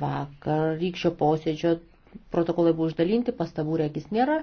Vakar rykščio posėdžio protokolai buvo išdalinti, pastabų regis nėra.